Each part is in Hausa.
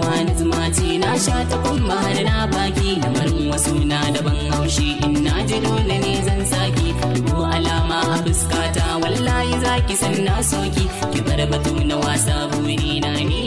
wani na na sha ta kuma da na baki kamar wasu na daban haushi in na ji dole ne zan saki ko alama a fuskata wallahi zaki san na soki ki bar batu na wasa buri na ni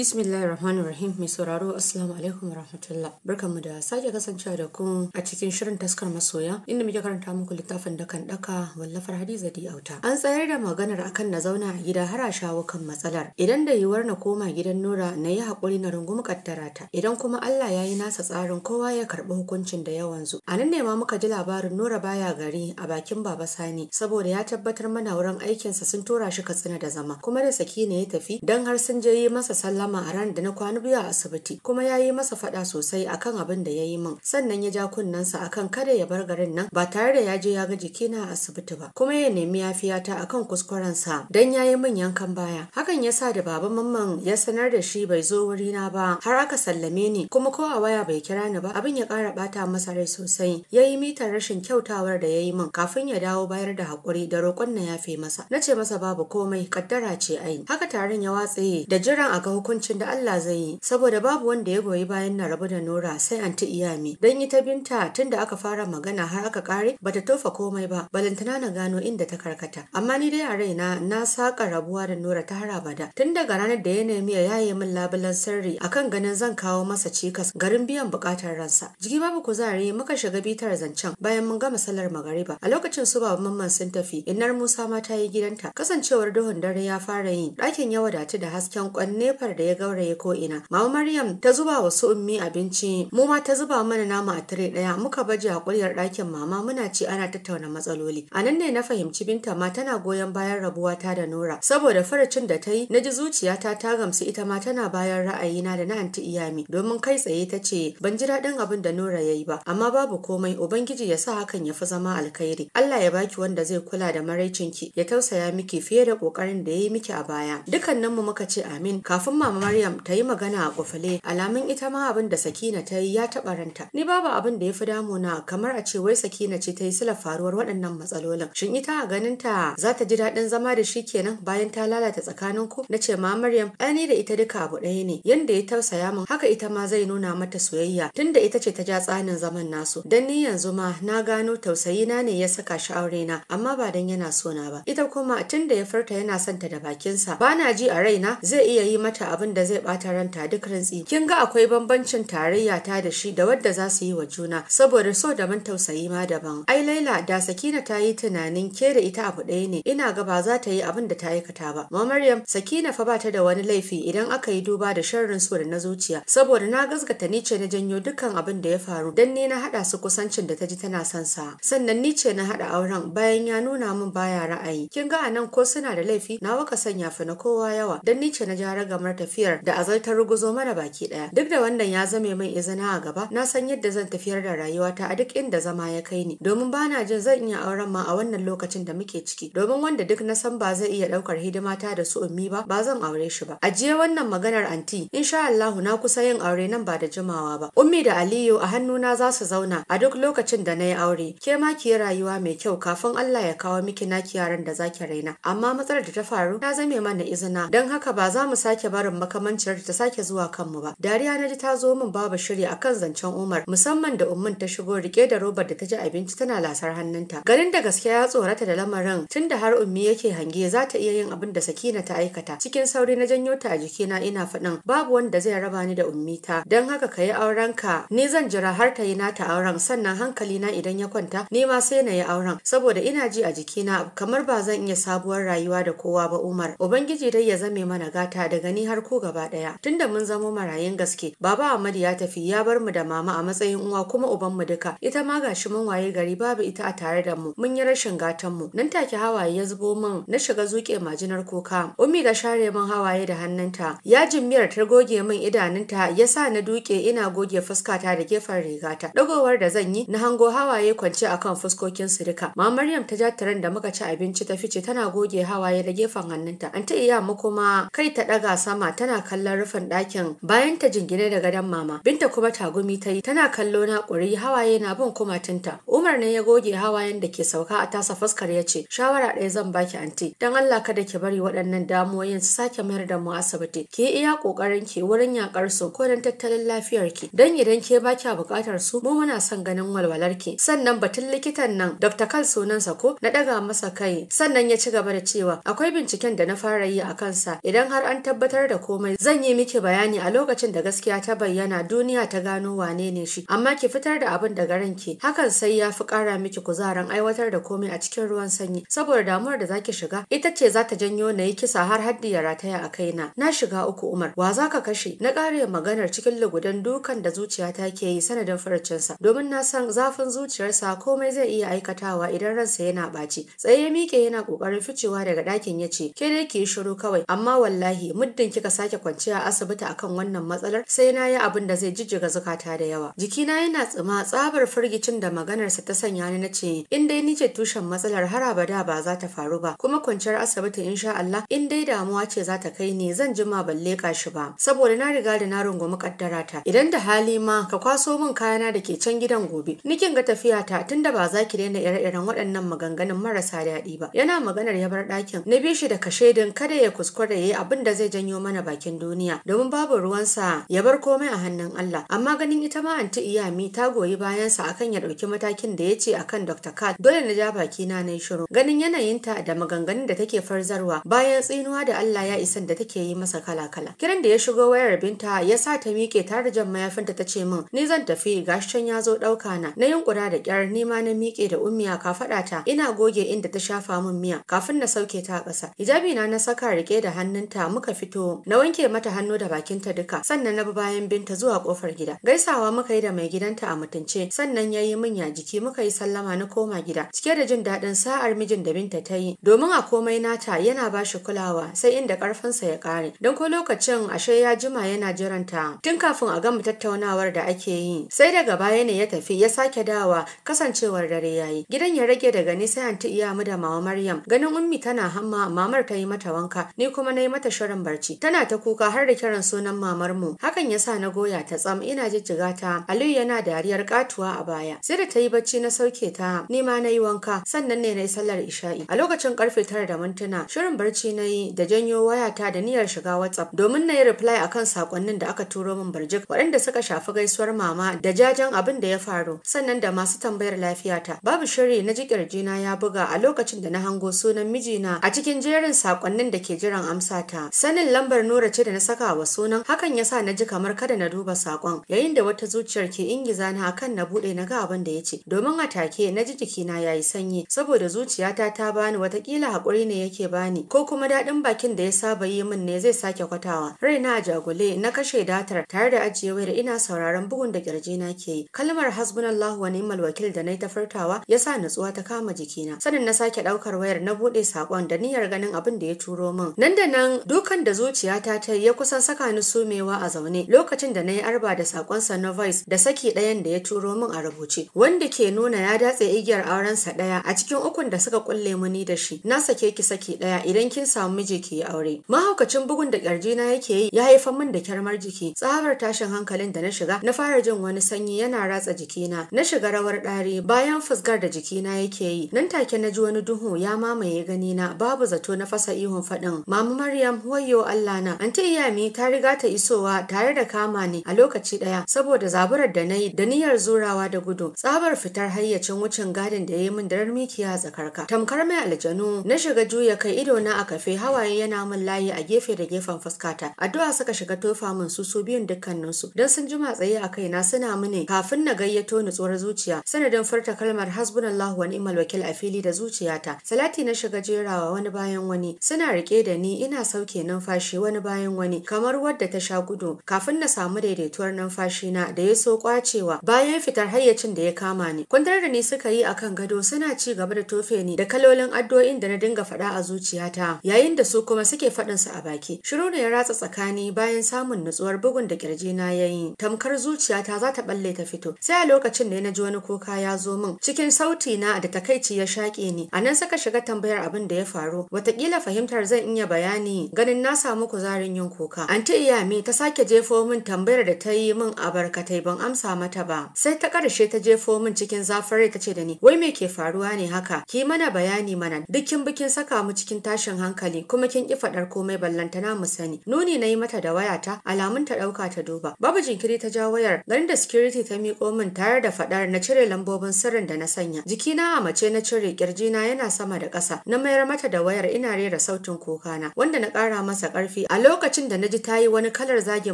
Bismillahir Rahim mai sauraro Assalamu alaikum barkan Barkanmu da sake kasancewa da ku a cikin shirin taskar masoya inda muke karanta muku littafin da kan daka wallafar Hadiza Di Auta. An tsayar da maganar akan na zauna a gida har a shawo kan matsalar. Idan da yiwuwar na koma gidan Nura na yi hakuri na rungumi kaddara ta. Idan kuma Allah ya yi nasa tsarin kowa ya karɓi hukuncin da ya wanzu. A nan ne ma muka ji labarin Nura baya gari a bakin Baba Sani saboda ya tabbatar mana wurin aikinsa sun tura shi Katsina da zama kuma da Saki Sakina ya tafi dan har sun je yi masa sallama maran da na kwana biyu a asibiti kuma ya yi masa faɗa sosai akan abin da ya yi min sannan ya ja kunnensa akan kada ya bar garin nan ba tare da ya je ya ga jikina a asibiti ba kuma ya nemi yafiyata akan kuskurensa dan ya yi min yankan baya hakan ya sa da baban mamman ya sanar da shi bai zo wuri na ba har aka sallame ni kuma ko a waya bai kira ni ba abin ya kara bata masa rai sosai ya yi mitar rashin kyautawar da ya yi min kafin ya dawo bayar da hakuri da roƙon na yafe masa na ce masa babu komai kaddara ce ai haka taron ya watse da jiran a ga hukuncin hukuncin da Allah zai yi saboda babu wanda ya goyi bayan na rabu da Nora sai anti Iyami dan ita binta tunda aka fara magana har aka kare bata tofa komai ba balantana na gano inda ta karkata amma ni dai a raina na saka rabuwa da Nora ta har abada tun daga ranar da ya nemi ya yaye min labulan sirri akan ganin zan kawo masa cikas garin biyan bukatar ransa jiki babu kuzari muka shiga bitar zancen bayan mun gama sallar magariba a lokacin su baba mamman sun tafi innar Musa ma ta yi gidanta kasancewar duhun dare ya fara yin ɗakin ya wadatu da hasken kwan nefar da ya gauraye ko ina mama maryam ta zuba wa su ummi abinci mu ma ta zuba mana nama a tire daya muka baje a kuryar ɗakin mama muna ci ana tattauna matsaloli a ne na fahimci binta ma tana goyon bayan rabuwa ta da nora saboda faracin da ta yi na ji zuciyata ta gamsu ita ma tana bayan ra'ayina da na anti iyami domin kai tsaye ta ce ban ji daɗin abin da nora ya yi ba amma babu komai ubangiji ya sa hakan ya fi zama alkhairi Allah ya baki wanda zai kula da maraicinki ya tausaya miki fiye da kokarin da ya yi miki a baya mu muka ce amin kafin mama Maryam ta yi magana a kufule alamin ita ma abin da Sakina ta yi ya taɓa ranta. Ni babu abin da ya fi na. kamar a ce wai Sakina ce ta yi sila faruwar waɗannan matsalolin. Shin ita a ganin ta za ta ji daɗin zama da shi kenan bayan ta lalata tsakanin ku? Na ce ma Maryam ai da ita duka abu ɗaya ne. Yanda ya tausaya min haka ita ma zai nuna mata soyayya tunda ita ce ta ja tsanin zaman nasu. Dan ni yanzu ma na gano tausayi na ne ya saka shi aure na amma ba dan yana so na ba. Ita kuma tunda ya farta yana son da bakinsa ba na ji a raina zai iya yi mata abin abin da zai bata ranta duk rintsi kin ga akwai bambancin tarayya ta da shi da wadda za su yi wa juna saboda so da mun tausayi ma daban ai laila da sakina ta yi tunanin ke da ita abu ɗaya ne ina ga ba za ta yi abin da ta aikata ba ma maryam sakina fa ba ta da wani laifi idan aka yi duba da sharrin so da na zuciya saboda na gasgata ni ce na janyo dukkan abin da ya faru dan ni na hada su kusancin da ta ji tana son sa sannan ni ce na hada auren bayan ya nuna min baya ra'ayi kin ga anan ko suna da laifi na ka sanya fa na kowa yawa dan ni ce na ja ragamar tafiya tafiyar da azal ta ruguzo mana baki daya duk da wannan ya zame min izina a gaba na san yadda zan tafiyar da rayuwata a duk inda zama ya kai ni domin bana jin zan iya auren ma a wannan lokacin da muke ciki domin wanda duk na san ba zai iya daukar hidimata da su ummi ba ba zan aure shi ba ajiye wannan maganar anti insha Allah na kusa yin aure nan ba da jimawa ba ummi da Aliyu a hannuna za su zauna a duk lokacin da na yi aure ke ma ki rayuwa mai kyau kafin Allah ya kawo miki naki yaran da zaki raina amma matsalar da ta faru ta zame mana izina don haka ba za mu sake barin makamancin ta sake zuwa kanmu ba dariya na ji ta zo min babu shiri akan zancen umar musamman da ummin ta shigo rike da robar da ta ji abinci tana lasar hannunta ganin da gaske ya tsorata da lamarin tunda har ummi yake hange za ta iya yin abin da sakina ta aikata cikin sauri na janyo ta a jikina ina faɗin babu wanda zai raba ni da ummi ta don haka ka yi aurenka ni zan jira har ta yi nata auren sannan hankali na idan ya kwanta ni ma sai na yi auren saboda ina ji a jikina kamar ba zan iya sabuwar rayuwa da kowa ba umar ubangiji dai ya zame mana gata daga ni har ko gaba daya tunda mun zamo marayun gaske baba Ahmad ya tafi ya bar mu da mama a matsayin uwa kuma uban mu duka ita ma gashi mun waye gari babu ita a tare da mu mun yi rashin gatan mu nan take hawaye ya zubo mun na shiga zuke majinar kuka ummi da share mun hawaye da hannunta yajin miyar ta goge mun idanunta ya sa na duke ina goge fuskata da gefen rigata dagowar da zan yi na hango hawaye kwance akan fuskokin su duka ma Maryam ta ja da muka ci abinci ta fice tana goge hawaye da gefen hannunta an ta iya mu kuma kai ta daga sama tana kallon rufin ɗakin bayan ta jingine da gadon mama. Binta kuma tagumi ta yi tana kallo na ƙuri hawaye na bin kumatinta. Umar ne ya goge hawayen da ke sauka a tasa fuskar ya ce shawara ɗaya zan baki anti don Allah kada ki bari waɗannan damuwoyin su sake mayar da mu asibiti. Ki yi iya ƙoƙarin ki wurin yaƙar su ko don tattalin lafiyar ki. Don idan ke ba kya buƙatar su mu muna son ganin walwalar ki. Sannan batun likitan nan Dr. Kal sunansa ko na ɗaga masa kai sannan ya ci gaba da cewa akwai binciken da na fara yi a kansa idan har an tabbatar da ko komai zan yi miki bayani a lokacin da gaskiya ta bayyana duniya ta gano wane ne shi amma ki fitar da abin daga ranki hakan sai ya fi kara miki kuzarin aiwatar da komai a cikin ruwan sanyi saboda damuwar da zaki shiga ita ce za ta janyo na yi kisa har haddi ya rataya a kaina na shiga uku umar wa za ka kashe na kare maganar cikin lugudan dukan da zuciya ta ke yi sanadin farcinsa domin na san zafin zuciyarsa komai zai iya aikatawa idan ransa yana ɓaci tsaye miƙe yana ƙoƙarin ficewa daga ɗakin ya ce ke dai ki yi shiru kawai amma wallahi muddin kika sake kwanciya asibiti akan wannan matsalar sai na yi abin da zai jijjiga zukata da yawa jikina yana tsima tsabar firgicin da maganarsa ta sanya ni na ce in dai ni ce tushen matsalar har abada ba za ta faru ba kuma kwanciyar asibiti insha Allah in dai damuwa ce za ta kai ni zan jima ban leƙa shi ba saboda na riga da na rungumi kaddarata, idan da hali ma ka kwaso mun kayana da ke can gidan gobe nikin ga tafiyata tunda ba za ki daina ire-iren waɗannan maganganun marasa daɗi ba yana maganar ya bar ɗakin na bi shi da kashedin kada ya kuskure ya yi abin da zai janyo mana bakin duniya domin babu ruwansa ya bar komai a hannun Allah amma ganin ita ma anti Iyami ta goyi bayansa akan ya ɗauki matakin da ya ce akan Dr. Kat dole na ja baki na yi shiru ganin yanayinta da maganganun da take farzarwa bayan tsinuwa da Allah ya isan da take yi masa kala-kala kiran da ya shigo wayar binta ya sa ta miƙe tare jan mayafinta ta ce min ni zan tafi gashin ya zo ɗauka na na yunkura da kyar ni ma na miƙe da ummiya ka faɗa ta ina goge inda ta shafa min miya kafin na sauke ta ƙasa hijabi na na saka riƙe da hannunta muka fito na wanke mata hannu da bakinta duka sannan na bi bayan binta zuwa kofar gida gaisawa muka yi da mai gidanta a mutunce sannan ya yi min ya jiki muka yi sallama na koma gida cike da jin daɗin sa'ar mijin da binta ta yi domin a komai nata yana ba shi kulawa sai inda ƙarfinsa ya ƙare don ko lokacin ashe ya jima yana jiranta tun kafin a gama tattaunawar da ake yi sai daga baya ne ya tafi ya sake dawa kasancewar dare yayi gidan ya rage daga ni sai anti iyamu da mawa maryam ganin ummi tana hamma mamar ta yi mata wanka ni kuma na yi mata shirin barci tana Ina ta kuka har da kiran sunan mamarmu. Hakan ya sa na goya ta tsam ina jijjiga ta. Aliyu yana dariyar katuwa a baya. Sai da ta yi bacci na sauke ta. Ni ma na yi wanka. Sannan ne na yi sallar isha'i. A lokacin karfe tara da mintuna shirin barci na yi da janyo wayata da niyyar shiga WhatsApp domin na yi reply kan sakonnin da aka turo min barjik waɗanda suka shafi gaisuwar mama da jajen abin da ya faru sannan da masu tambayar lafiyata. Babu shiri na ji na ya buga a lokacin da na hango sunan mijina a cikin jerin sakonnin da ke jiran amsata. Sanin lambar nura ce da na saka wa sunan hakan yasa na ji kamar kada na duba sakon yayin da wata zuciyar ke ingiza ni akan na bude na ga abin da yace domin a take na ji jiki na yayi sanyi saboda zuciyata ta bani kila hakuri ne yake bani ko kuma dadin bakin da ya saba yi min ne zai sake kwatawa raina a jagule na kashe datar tare da ajiye wayar ina sauraron bugun da na ke yi kalmar hasbunallahu wa ni'mal wakil da na ta furtawa yasa nutsuwa ta kama jikina sanin na sake daukar wayar na bude sakon da niyyar ganin abin da ya turo min nan da nan dukan da zuciya ta ta ya kusan saka ni sumewa a zaune lokacin da na yi arba da sakon sa na voice da saki ɗayan da ya turo min a rubuce wanda ke nuna ya datse igiyar aurensa ɗaya a cikin ukun da suka kulle mu da shi na sake ki saki ɗaya idan kin samu miji ki yi aure mahaukacin bugun da ƙirjina yake yi ya haifa min da kyarmar jiki tsabar tashin hankalin da na shiga na fara jin wani sanyi yana ratsa jikina na shiga rawar ɗari bayan fusgar da jikina yake yi nan take na ji wani duhu ya mamaye ganina babu zato na fasa ihun faɗin "Mamu maryam wayo allah na An anti iyami ta riga ta isowa tare da kama ni a lokaci ɗaya saboda zaburar da na yi da niyyar zurawa da gudu tsabar fitar hayyacin wucin gadin da ya yi min darar mikiya tsakarka tamkar mai aljanu na shiga juya kai ido na a kafe hawaye yana min layi a gefe da gefen fuskata addu'a suka shiga tofa min su su biyun dukkaninsu dan sun jima tsaye a kaina suna mini kafin na gayyato ni nutsuwar zuciya sanadin furta kalmar hasbunallahu wa ni'mal wakil a fili da zuciyata salati na shiga jerawa wani bayan wani suna rike da ni ina sauke numfashi wani wani bayan wani kamar wadda ta sha gudu kafin na samu daidaituwar na da ya so kwacewa bayan fitar hayyacin da ya kama ni kwantar da ni suka yi akan gado suna ci gaba da tofe ni da kalolin addu'o'in da na dinga faɗa a zuciyata yayin da su kuma suke faɗin su a baki shiru ne ya ratsa tsakani bayan samun nutsuwar bugun da kirji na yayi tamkar zuciyata za ta balle ta fito sai a lokacin da na ji wani kuka ya zo min cikin sauti na da takaici ya shaƙe ni A nan saka shiga tambayar abin da ya faru watakila fahimtar zan iya bayani ganin na samu kuza kuzarin yin kuka. Anti Iyami ta sake jefo min tambayar da ta yi min a barkatai ban amsa mata ba. Sai ta ƙarshe ta jefo min cikin zafin ta ce da ni, "Wai me ke faruwa ne haka? Ki mana bayani mana. Dukkin bikin saka mu cikin tashin hankali kuma kin ki fadar komai ballantana mu sani." Nuni na yi mata da wayata, alamun ta dauka ta duba. Babu jinkiri ta ja wayar, garin da security ta miƙo min tare da faɗar na cire lambobin sirrin da na sanya. Jikina a mace na cire na yana sama da ƙasa. Na mayar mata da wayar ina rera sautin kokana, wanda na ƙara masa ƙarfi lokacin da na ji ta yi wani kalar zagin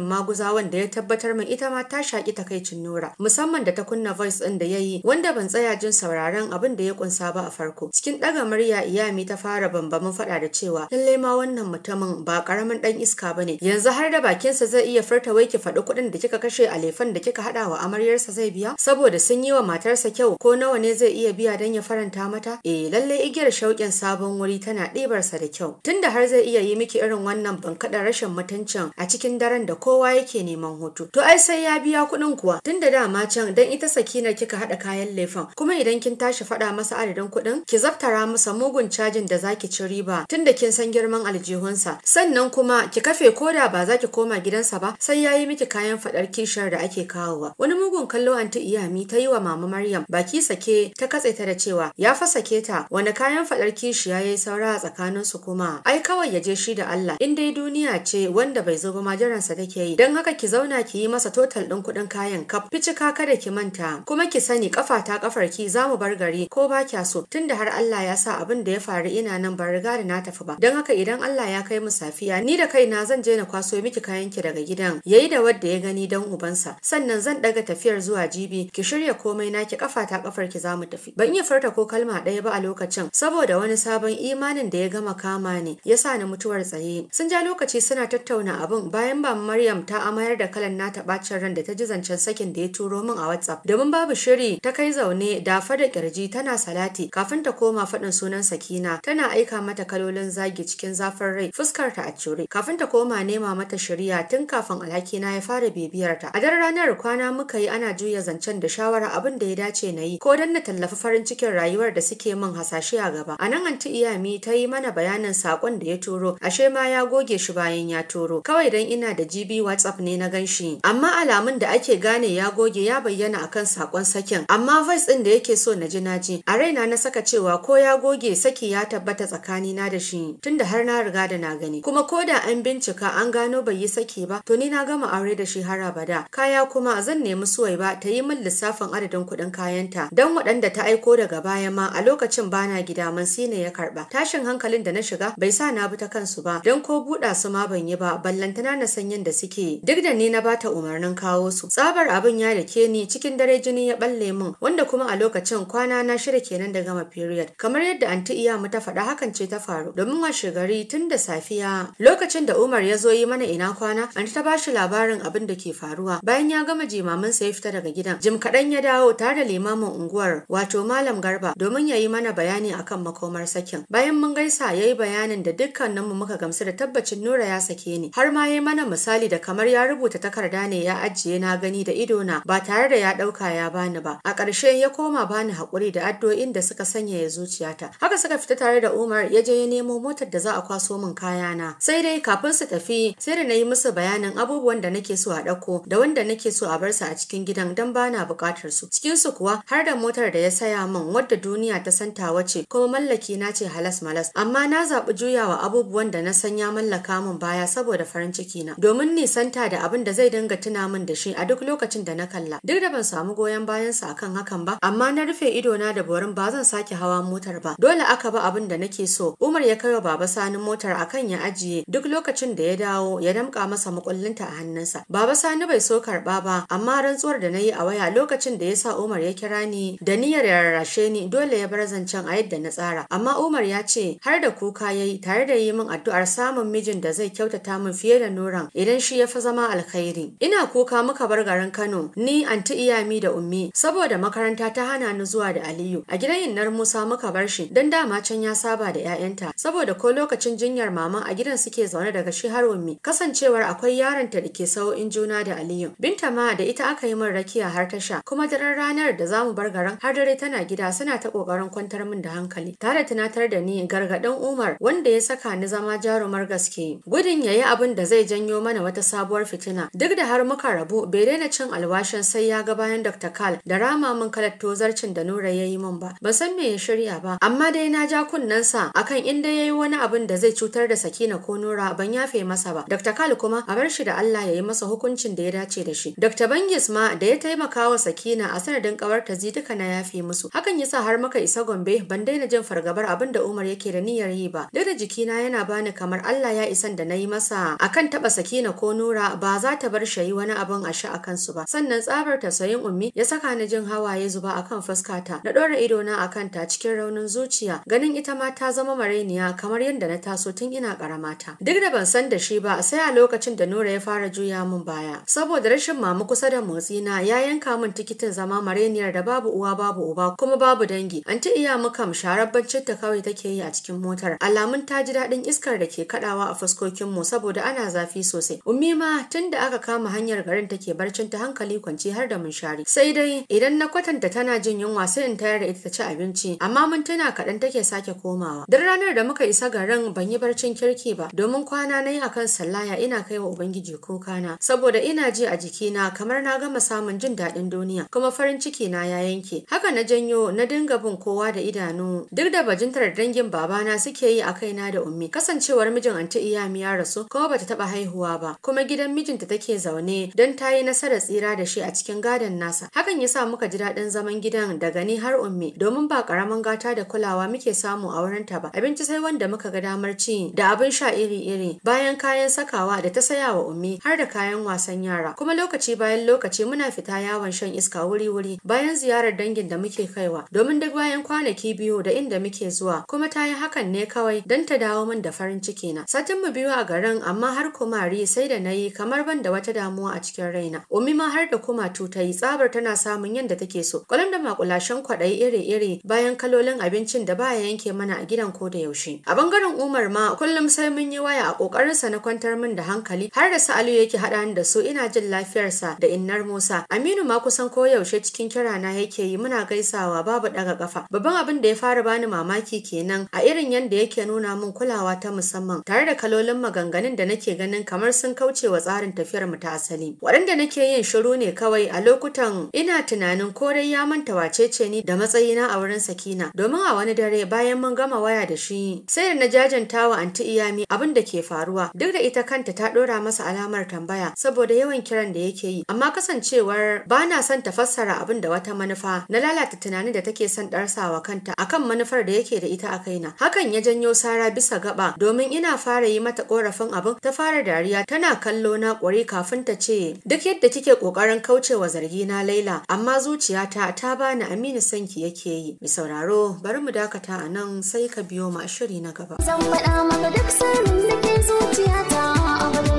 maguza wanda ya tabbatar min ita ma ta shaƙi takaicin Nura, musamman da ta kunna voice ɗin da ya yi, wanda ban tsaya jin sauraron abin da ya kunsa ba a farko. Cikin ɗaga murya iyami ta fara bambamin faɗa da cewa lallai ma wannan mutumin ba ƙaramin ɗan iska ba ne. Yanzu har da bakinsa zai iya furta wai ki faɗi kuɗin da kika kashe a da kika haɗa wa amaryarsa zai biya, saboda sun yi wa matarsa kyau ko nawa ne zai iya biya don ya faranta mata? Eh lallai igiyar shauƙin sabon wuri tana ɗibarsa da kyau. Tunda har zai iya yi miki irin wannan bankaɗa da rashin mutuncin a cikin daren da kowa yake neman hutu to ai sai ya biya kuɗin kuwa tun da dama can dan ita sakinar kika haɗa kayan laifin kuma idan kin tashi faɗa masa adadin kuɗin ki zaftara masa mugun cajin da zaki ci riba tun da kin san girman aljihunsa sannan kuma ki kafe koda ba za ki koma gidansa ba sai ya yi miki kayan faɗar kishiyar da ake kawowa wani mugun kallo anti iyami ta yi wa mama maryam baki sake ta katse ta da cewa ya fa sake ta wani kayan faɗar kishiya ya yi saura a tsakaninsu kuma ai kawai ya je shi da allah in dai duniya yarinya ce wanda bai zo ba ma jiransa take yi don haka ki zauna ki yi masa total ɗin kuɗin kayan kaf fici kada kada ki manta kuma ki sani kafa ta kafar ki za mu bar gari ko ba kya so tunda har Allah ya sa abin da ya faru ina nan ban riga da na tafi ba don haka idan Allah ya kai mu safiya ni da kaina zan je na kwaso miki kayan ki daga gidan yayi da wadda ya gani dan ubansa sannan zan daga tafiyar zuwa jibi ki shirya komai naki kafa ta kafar ki za mu tafi ban iya furta ko kalma ɗaya ba a lokacin saboda wani sabon imanin da ya gama kama ne yasa ni mutuwar tsaye sun ja lokacin lokaci suna tattauna abin bayan ba Maryam ta amayar da kalan nata bacin ran da ta ji zancen sakin da ya turo min a WhatsApp. Domin babu shiri ta kai zaune da fada kirji tana salati kafin ta koma faɗin sunan Sakina tana aika mata kalolin zagi cikin zafin rai fuskar ta a cure kafin ta koma nema mata shirya tun kafin alhakina ya fara bibiyar ta. A dar ranar kwana muka yi ana juya zancen da shawara abin da ya dace na yi ko dan na tallafi farin cikin rayuwar da suke min hasashe a gaba. A nan anti iyami ta yi mana bayanin sakon da ya turo ashe ma ya goge shi bayan ya toro. kawai dan ina da GB WhatsApp ne na ganshi amma alamun da ake gane ya goge ya bayyana akan sakon sakin amma voice din da yake so na ji naji a raina na saka cewa ko ya goge saki ya tabbata tsakani na da shi tunda har na riga da na gani kuma ko da an bincika an gano bai yi saki ba to ni na gama aure da shi har abada kaya kuma zan nemi suwai ba ta yi min lissafin adadin kuɗin kayanta dan waɗanda ta aiko daga baya ma a lokacin bana gida sine ya karba tashin hankalin da na shiga bai sa na bi ta kansu ba dan ko buɗa su su ma ban yi ba ballantana na sanyin da suke duk da ni na bata umarnin kawo su tsabar abin ya da ke ni cikin dare jini ya balle min wanda kuma a lokacin kwana na shida kenan da gama period kamar yadda anti iya mu ta faɗa hakan ce ta faru domin washe gari tun da safiya lokacin da Umar ya zo yi mana ina kwana anti ta bashi labarin abin da ke faruwa bayan ya gama jimamin sa ya fita daga gidan jim kaɗan ya dawo tare da limamin unguwar wato malam garba domin ya yi mana bayani akan makomar sakin bayan mun gaisa ya yi bayanin da dukkaninmu muka gamsu da tabbacin nura Nura ya sake ni har ma yayi mana misali da kamar ya rubuta takarda ne ya ajiye na gani da ido na ba tare da ya ɗauka ya bani ba a ƙarshe ya koma bani haƙuri da addu'o'in da suka sanya ya zuciyata haka suka fita tare da Umar ya je ya nemo motar da za a kwaso min kayana sai dai kafin su tafi sai da na yi musu bayanin abubuwan da nake so a ɗauko da wanda nake so a bar su a cikin gidan don bana buƙatar su cikin su kuwa har da motar da ya saya min wadda duniya ta santa wace kuma mallaki na ce halas malas amma na zaɓi juyawa abubuwan da na san ya mallaka samun baya saboda farin ciki na domin nisanta da abin da zai dinga tuna min da shi a duk lokacin da na kalla duk da ban samu goyon bayan sa akan hakan ba amma na rufe ido na da borin ba zan sake hawa motar ba dole aka ba abin da nake so Umar ya kai wa baba Sani motar akan ya ajiye duk lokacin da ya dawo ya damka masa mukullinta a hannunsa baba Sani bai so karɓa ba amma rantsuwar da na yi a waya lokacin da ya sa Umar ya kira ni da niyyar ya rarrashe ni dole ya bar zancen a yadda na tsara amma Umar ya ce har da kuka yayi tare da yi min addu'ar samun mijin da zai kyautata min fiye da Nuran idan shi ya fi zama alkhairi. Ina kuka muka bar garin Kano ni anti iyami da ummi saboda makaranta ta hana ni zuwa da Aliyu. A gidan Innar Musa muka bar shi don dama can ya saba da 'ya'yanta saboda ko lokacin jinyar mama a gidan suke zaune daga shi har ummi kasancewar akwai yaronta da ke in juna da Aliyu. Binta ma da ita aka yi min rakiya har tasha kuma daren ranar da za mu bar garin har dare tana gida suna ta kokarin kwantar min da hankali tare tunatar da ni gargaɗin Umar wanda ya saka ni zama jarumar gaske gudun ya yi abin da zai janyo mana wata sabuwar fitina duk da har muka rabu bai daina cin alwashin sai ya ga bayan dr kal da rama min kalar tozarcin da nura ya yi min ba ban san me ya shirya ba amma dai na ja kunnensa akan inda ya yi wani abin da zai cutar da sakina ko nura ban yafe masa ba dr kal kuma a bar shi da allah ya yi masa hukuncin da ya dace da shi dr bangis ma da ya taimaka wa sakina a sanadin ƙawarta zi duka na yafe musu hakan yasa har muka isa gombe ban daina jin fargabar abin da umar yake da niyyar yi ba duk da jikina yana bani kamar allah ya isan da na yi masa akan taɓa sakina ko nura ba za ta bar shayi wani abin a sha a kansu ba sannan tsabar ta sayin ummi ya saka ni jin hawaye zuba akan fuskata na ɗora na akan ta cikin raunin zuciya ganin ita ma ta zama mareniya kamar yadda na taso tun ina karamata duk da ban san da shi ba sai a lokacin da nura ya fara juya min baya saboda rashin mamu kusa da motsi na, ya yanka min tikitin zama mareniyar da babu uwa babu uba kuma babu dangi anti iya mukam sharabbancin ta kawai take yi a cikin motar alamun ta ji daɗin iskar da ke kaɗawa a fuskar fuskokinmu saboda ana zafi sosai. Ummi ma tun da aka kama hanyar garin take barcin ta hankali kwanci har da mun munshari. Sai dai idan na kwatanta tana jin yunwa sai in tayar da ita ta ci abinci amma mun tana kaɗan take sake komawa. Duk ranar da muka isa garin ban yi barcin kirki ba domin kwana na yi akan sallaya ina kai wa Ubangiji kukana saboda ina ji a jikina kamar na gama samun jin daɗin duniya kuma farin ciki na ya yanke. Haka na janyo na dinga bin kowa da idanu duk da bajintar dangin babana suke yi a kaina da ummi kasancewar mijin anti iya Ibrahim ya rasu kuma bata taba haihuwa ba kuma gidan mijinta take zaune don ta yi nasarar tsira da shi a cikin gadon nasa hakan yasa muka ji daɗin zaman gidan daga ni har ummi domin ba karaman gata da kulawa muke samu a wurin ta ba abinci sai wanda muka ga damar ci da abin sha iri-iri bayan kayan sakawa da ta saya wa ummi har da kayan wasan yara kuma lokaci bayan lokaci muna fita yawon shan iska wuri-wuri bayan ziyarar dangin da muke kaiwa domin duk bayan kwanaki biyu da inda muke zuwa kuma ta yi hakan ne kawai don ta dawo min da farin ciki na satin mu biyu a garin amma har kumari sai da na yi kamar ban da wata damuwa a cikin raina. Umi ma har da kumatu ta yi tsabar tana samun yadda take so. Kwalam da makulashen kwaɗayi iri-iri bayan kalolin abincin da baya yanke mana a gidan ko da yaushe. A bangaren Umar ma kullum sai mun yi waya a kokarin sa na kwantar min da hankali har da Sa'alu yake haɗa da su ina jin lafiyarsa da innar Musa. Aminu ma kusan ko yaushe cikin kira na yake yi muna gaisawa babu ɗaga kafa. Babban abin da ya fara bani mamaki kenan a irin yadda yake nuna mun kulawa ta musamman tare da kalolin matsalolin maganganun da nake ganin kamar sun kauce wa tsarin tafiyar mu ta asali. Waɗanda nake yin shiru ne kawai a lokutan ina tunanin ko dai ya manta wacece ni da matsayina a wurin Sakina. Domin a wani dare bayan mun gama waya da shi sai na jajanta wa anti Iyami abin da ke faruwa. Duk da ita kanta ta ɗora masa alamar tambaya saboda yawan kiran da yake yi. Amma kasancewar ba na son ta fassara abin da wata manufa na lalata tunanin da take son ɗarsawa kanta akan manufar da yake da ita a kaina. Hakan ya janyo Sara bisa gaba domin ina fara yi mata ta korafin abin ta fara dariya tana kallo na kafin ta ce duk yadda kike kokarin wa zargi na Laila amma zuciyata ta bani Aminu sanki yake yi mi sauraro bari mu dakata a nan sai ka biyo ma shiri na gaba zan faɗa maka duk sanin da ke zuciyata a